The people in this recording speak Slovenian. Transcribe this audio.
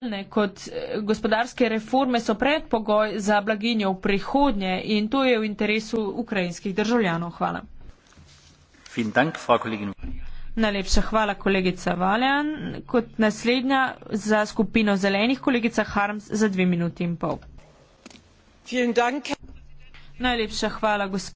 Ne, kot eh, gospodarske reforme so predpogoj za blaginjo v prihodnje in to je v interesu ukrajinskih državljanov. Hvala. Dank, Najlepša hvala, kolegica Valjan. Kot naslednja za skupino zelenih, kolegica Harms za dve minuti in pol. Dank. Najlepša hvala, gospod.